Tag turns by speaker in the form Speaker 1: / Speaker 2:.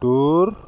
Speaker 1: dóor